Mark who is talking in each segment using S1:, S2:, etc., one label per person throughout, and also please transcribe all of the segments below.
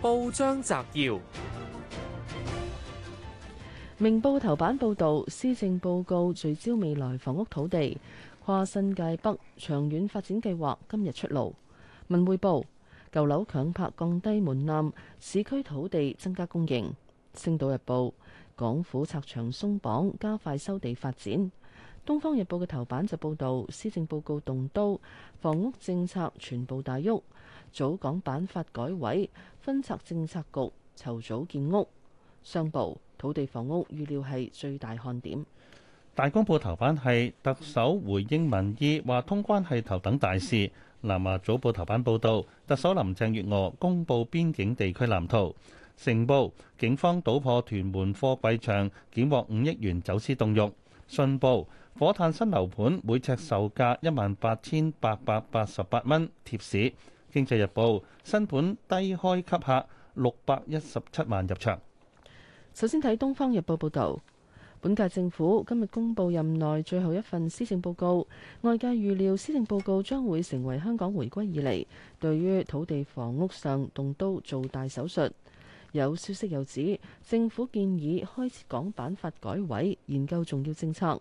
S1: 報章摘要：明報頭版報道施政報告聚焦未來房屋土地，跨新界北長遠發展計劃今日出爐。文匯報，舊樓強拍降低門檻，市區土地增加供應。星島日報，港府拆牆鬆綁，加快收地發展。東方日報嘅頭版就報道施政報告動刀，房屋政策全部大喐。早港版發改委。分拆政策局，籌組建屋。商報土地房屋預料係最大看
S2: 點。大公報頭版係特首回應民意，話通關係頭等大事。南華早報頭版報導，特首林鄭月娥公布邊境地區藍圖。成報警方搗破屯門貨櫃場，檢獲五億元走私凍肉。信報火炭新樓盤每尺售價一萬八千八百八十八蚊。貼士。《經濟日報》新盤低開吸客六百一十七萬入場。
S1: 首先睇《東方日報》報導，本屆政府今日公布任內最後一份施政報告，外界預料施政報告將會成為香港回歸以嚟對於土地房屋上動刀做大手術。有消息又指，政府建議開設港版發改委，研究重要政策。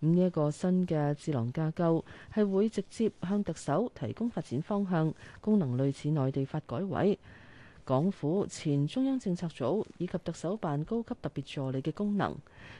S1: 咁呢一個新嘅智囊架構係會直接向特首提供發展方向，功能類似內地發改委、港府前中央政策組以及特首辦高級特別助理嘅功能。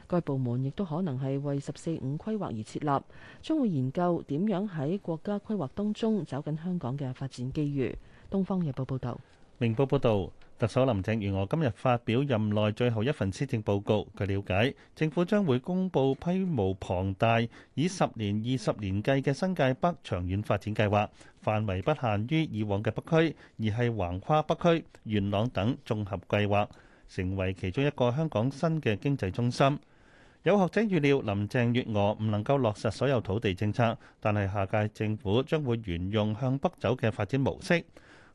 S1: 該部門亦都可能係為十四五規劃而設立，將會研究點樣喺國家規劃當中走緊香港嘅發展機遇。《東方日報》報道，
S2: 《明報》報道。特首林鄭月娥今日發表任內最後一份施政報告，據了解，政府將會公布規模龐大、以十年、二十年計嘅新界北長遠發展計劃，範圍不限於以往嘅北區，而係橫跨北區、元朗等綜合計劃，成為其中一個香港新嘅經濟中心。有學者預料，林鄭月娥唔能夠落實所有土地政策，但係下屆政府將會沿用向北走嘅發展模式。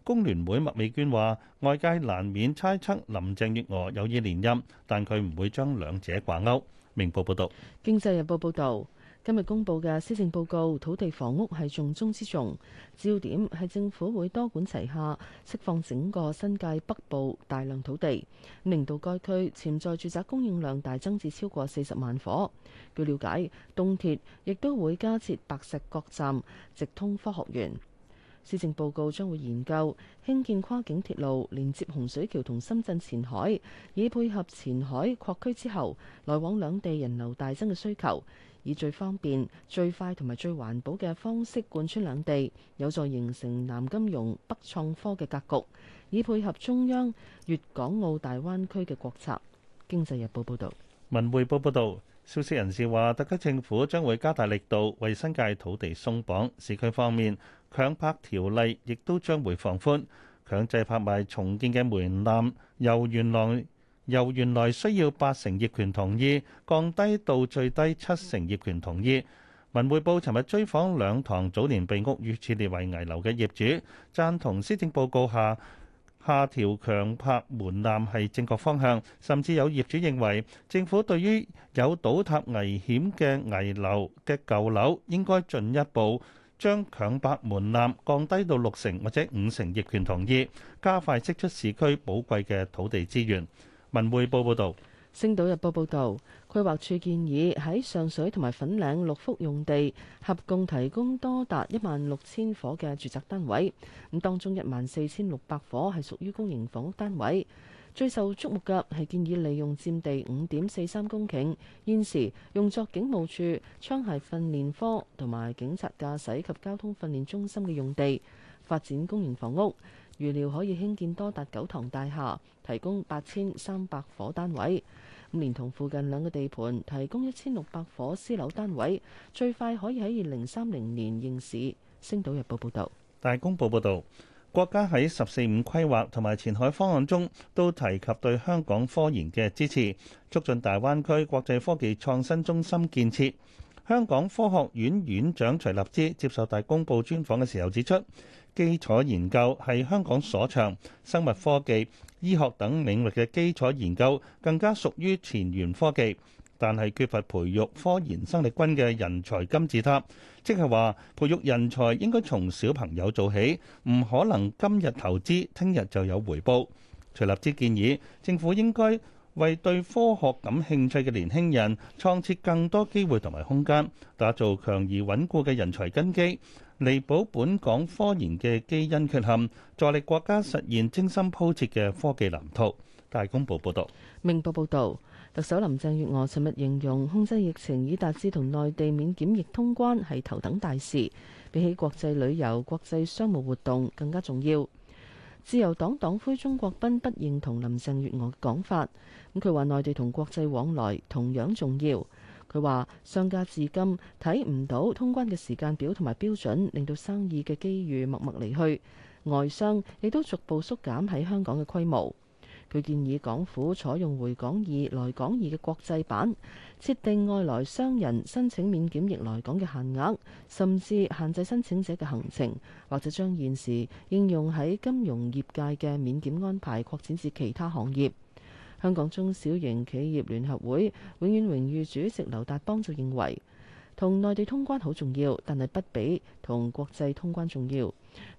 S2: 工聯會麥美娟話：外界難免猜測林鄭月娥有意連任，但佢唔會將兩者掛鈎。明報報道：
S1: 《經濟日報》報道，今日公布嘅施政報告，土地房屋係重中之重，焦點係政府會多管齊下，釋放整個新界北部大量土地，令到該區潛在住宅供應量大增至超過四十萬伙。據了解，東鐵亦都會加設白石角站，直通科學園。施政報告將會研究興建跨境鐵路，連接洪水橋同深圳前海，以配合前海擴區之後來往兩地人流大增嘅需求，以最方便、最快同埋最環保嘅方式貫穿兩地，有助形成南金融、北創科嘅格局，以配合中央粵港澳大灣區嘅國策。經濟日報報導。
S2: 文匯報報導，消息人士話，特區政府將會加大力度為新界土地鬆綁，市區方面。強拍條例亦都將會放寬強制拍賣重建嘅門檻，由原來由原來需要八成業權同意，降低到最低七成業權同意。文匯報尋日追訪兩幢早年被屋宇署列為危樓嘅業主，贊同施政報告下下調強拍門檻係正確方向，甚至有業主認為政府對於有倒塌危險嘅危樓嘅舊樓應該進一步，將強拍門檻降低到六成或者五成，業權同意，加快釋出市區寶貴嘅土地資源。文匯報報道。
S1: 《星島日報》報道，規劃處建議喺上水同埋粉嶺六幅用地合共提供多達一萬六千伙嘅住宅單位，咁當中一萬四千六百伙係屬於公營房屋單位。最受矚目嘅係建議利用佔地五點四三公頃現時用作警務處槍械訓練科同埋警察駕駛及交通訓練中心嘅用地發展公營房屋，預料可以興建多達九幢大廈，提供八千三百伙單位。咁連同附近兩個地盤，提供一
S2: 千六百伙私樓單位，最快可以喺二零三零年應市。星島日報報道。大公報報道。國家喺十四五規劃同埋前海方案中都提及對香港科研嘅支持，促進大灣區國際科技創新中心建設。香港科學院院長徐立之接受大公報專訪嘅時候指出，基礎研究係香港所長，生物科技、醫學等領域嘅基礎研究更加屬於前沿科技。但係缺乏培育科研生力軍嘅人才金字塔，即係話培育人才應該從小朋友做起，唔可能今日投資，聽日就有回報。徐立之建議政府應該為對科學感興趣嘅年輕人創設更多機會同埋空間，打造強而穩固嘅人才根基，彌補本港科研嘅基因缺陷，助力國家實現精心鋪設嘅科技藍圖。大公報報道。
S1: 明報報導。特首林鄭月娥尋日形容控制疫情以達至同內地免檢疫通關係頭等大事，比起國際旅遊、國際商務活動更加重要。自由黨黨魁鍾國斌不認同林鄭月娥嘅講法，咁佢話內地同國際往來同樣重要。佢話商家至今睇唔到通關嘅時間表同埋標準，令到生意嘅機遇默默離去，外商亦都逐步縮減喺香港嘅規模。佢建議港府採用「回港易」「來港易」嘅國際版，設定外來商人申請免檢疫來港嘅限額，甚至限制申請者嘅行程，或者將現時應用喺金融業界嘅免檢安排擴展至其他行業。香港中小型企業聯合會永遠榮譽主席劉達邦就認為。同內地通關好重要，但係不比同國際通關重要。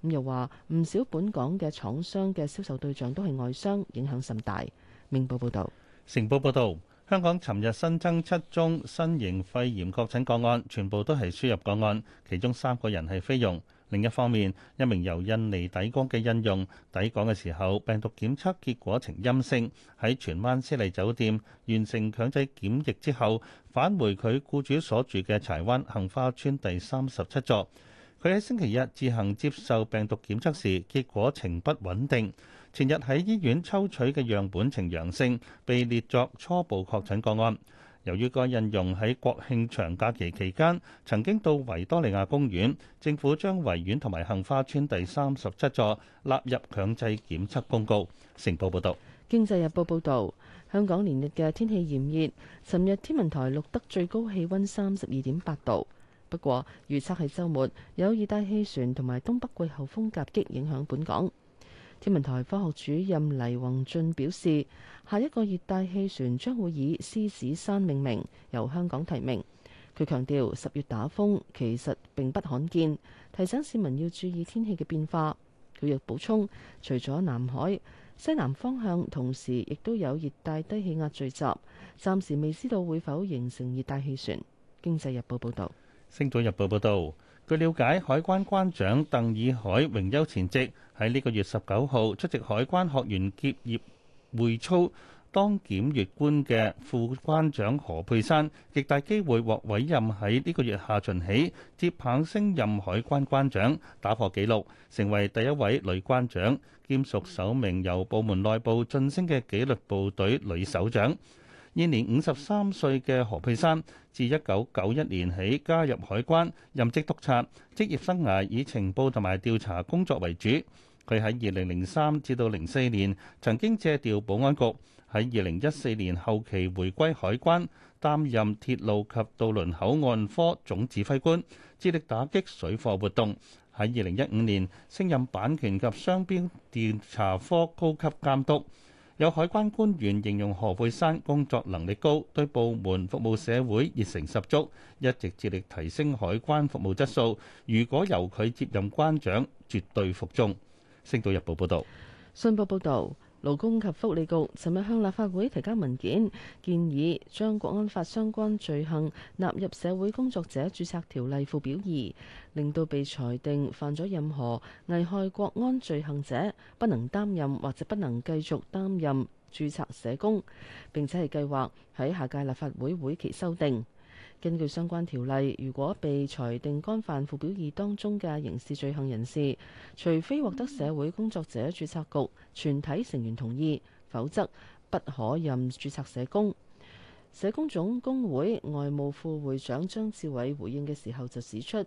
S1: 咁又話唔少本港嘅廠商嘅銷售對象都係外商，影響甚大。明報報道：
S2: 成報報道，香港尋日新增七宗新型肺炎確診個案，全部都係輸入個案，其中三個人係菲傭。另一方面，一名由印尼抵港嘅印傭抵港嘅時候，病毒檢測結果呈陰性，喺荃灣斯利酒店完成強制檢疫之後，返回佢雇主所住嘅柴灣杏花村第三十七座。佢喺星期日自行接受病毒檢測時，結果呈不穩定。前日喺醫院抽取嘅樣本呈陽性，被列作初步確診個案。由於該印傭喺國慶長假期期間曾經到維多利亞公園，政府將維園同埋杏花村第三十七座納入強制檢測公告。成報報導。
S1: 《經濟日報》報道：香港連日嘅天氣炎熱，尋日天文台錄得最高氣温三十二點八度。不過預測係週末有熱帶氣旋同埋東北季候風夾擊影響本港。天文台科學主任黎宏俊表示，下一個熱帶氣旋將會以獅子山命名，由香港提名。佢強調，十月打風其實並不罕見，提醒市民要注意天氣嘅變化。佢又補充，除咗南海西南方向，同時亦都有熱帶低氣壓聚集，暫時未知道會否形成熱帶氣旋。經濟日報報道。
S2: 星島日報報道。據了解，海關關長鄧以海榮休前夕喺呢個月十九號出席海關學員結業會操，當檢閲官嘅副關長何佩珊，極大機會獲委任喺呢個月下旬起接棒升任海關關,關長，打破紀錄，成為第一位女關長，兼屬首名由部門內部晉升嘅紀律部隊女首長。現年五十三歲嘅何佩珊，自一九九一年起加入海關，任職督察，職業生涯以情報同埋調查工作為主。佢喺二零零三至到零四年曾經借調保安局，喺二零一四年後期回歸海關，擔任鐵路及渡輪口岸科總指揮官，致力打擊水貨活動。喺二零一五年升任版權及商標調查科高級監督。有海關官員形容何佩珊工作能力高，對部門服務社會熱誠十足，一直致力提升海關服務質素。如果由佢接任關長，絕對服眾。星島日報報道，
S1: 信報報道。勞工及福利局尋日向立法會提交文件，建議將國安法相關罪行納入社會工作者註冊條例附表二，令到被裁定犯咗任何危害國安罪行者不能擔任或者不能繼續擔任註冊社工，並且係計劃喺下屆立法會會期修訂。根據相關條例，如果被裁定干犯附表二當中嘅刑事罪行人士，除非獲得社會工作者註冊局全體成員同意，否則不可任註冊社工。社工總工會外務副會長張志偉回應嘅時候就指出，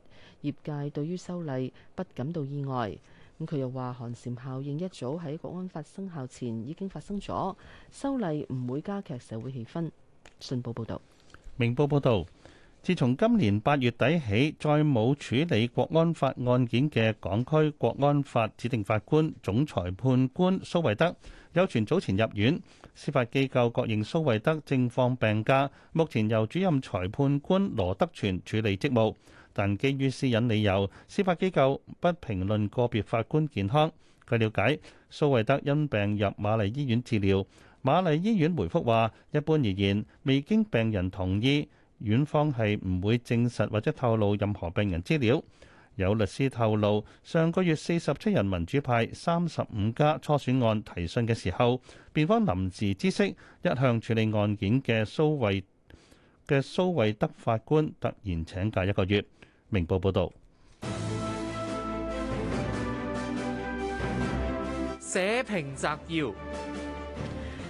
S1: 業界對於修例不感到意外。咁佢又話，寒蟬效應一早喺《國安法》生效前已經發生咗，修例唔會加劇社會氣氛。信報報道，
S2: 明報報道。自從今年八月底起，再冇處理《國安法》案件嘅港區《國安法》指定法官總裁判官蘇慧德有傳早前入院，司法機構確認蘇慧德正放病假，目前由主任裁判官羅德全處理職務。但基於私隱理由，司法機構不評論個別法官健康。據了解，蘇慧德因病入瑪麗醫院治療，瑪麗醫院回覆話：一般而言，未經病人同意。院方係唔會證實或者透露任何病人資料。有律師透露，上個月四十七人民主派三十五加初選案提訊嘅時候，辯方臨時知悉一向處理案件嘅蘇惠嘅蘇惠德法官突然請假一個月。明報報導。社評摘要。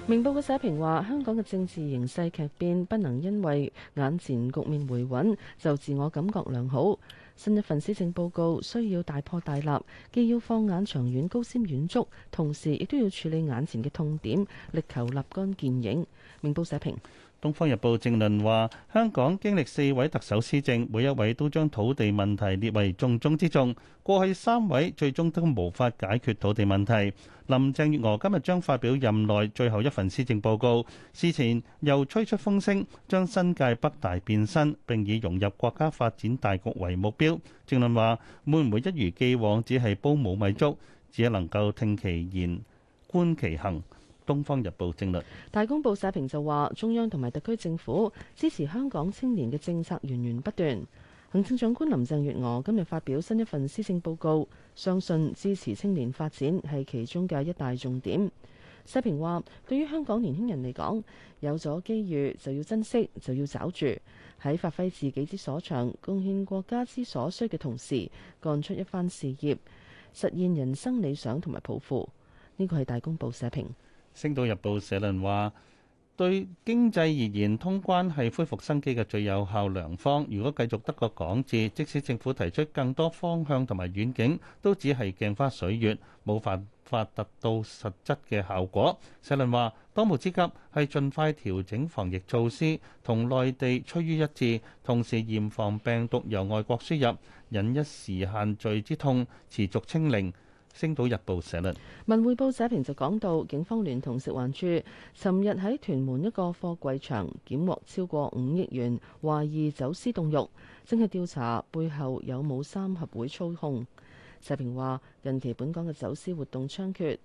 S1: 明報嘅社評話：香港嘅政治形勢劇變，不能因為眼前局面回穩，就自我感覺良好。新一份施政報告需要大破大立，既要放眼長遠、高瞻遠矚，同時亦都要處理眼前嘅痛點，力求立竿見影。明報社評。
S2: 《東方日報》正論話：香港經歷四位特首施政，每一位都將土地問題列為重中之重。過去三位最終都無法解決土地問題。林鄭月娥今日將發表任內最後一份施政報告，事前又吹出風聲，將新界北大變身並以融入國家發展大局為目標。正論話：會唔會一如既往只係煲冇米粥？只係能夠聽其言，觀其行。《東方日報》政略。
S1: 大公報社評就話：中央同埋特區政府支持香港青年嘅政策源源不斷。行政長官林鄭月娥今日發表新一份施政報告，相信支持青年發展係其中嘅一大重點。社評話：對於香港年輕人嚟講，有咗機遇就要珍惜，就要抓住，喺發揮自己之所長、貢獻國家之所需嘅同時，幹出一番事業，實現人生理想同埋抱負。呢個係大公報社評。
S2: 星島日報社論話：對經濟而言，通關係恢復生機嘅最有效良方。如果繼續得個港字，即使政府提出更多方向同埋遠景，都只係鏡花水月，冇辦法達到實質嘅效果。社論話：當務之急係盡快調整防疫措施，同內地趨於一致，同時嚴防病毒由外國輸入，忍一時限聚之痛，持續清零。星島日報社論，
S1: 文匯報社評就講到，警方聯同食環署尋日喺屯門一個貨櫃場檢獲超過五億元，懷疑走私凍肉，正係調查背後有冇三合會操控。社評話：近期本港嘅走私活動猖獗，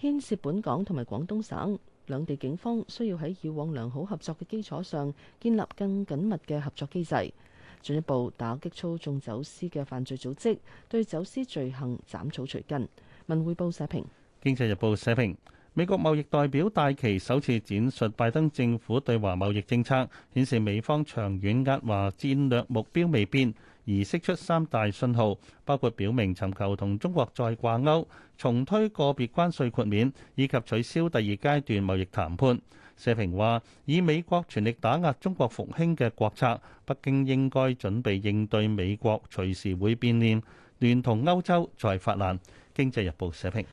S1: 牽涉本港同埋廣東省，兩地警方需要喺以往良好合作嘅基礎上，建立更緊密嘅合作機制。進一步打擊操縱走私嘅犯罪組織，對走私罪行斬草除根。文匯報社評。
S2: 《經濟日報》社評：美國貿易代表戴琪首次展述拜登政府對華貿易政策，顯示美方長遠壓華戰略目標未變，而釋出三大信號，包括表明尋求同中國再掛鈎、重推個別關稅豁免以及取消第二階段貿易談判。社評話：以美國全力打壓中國復興嘅國策，北京應該準備應對美國隨時會變臉，聯同歐洲再發難。經濟日報社評。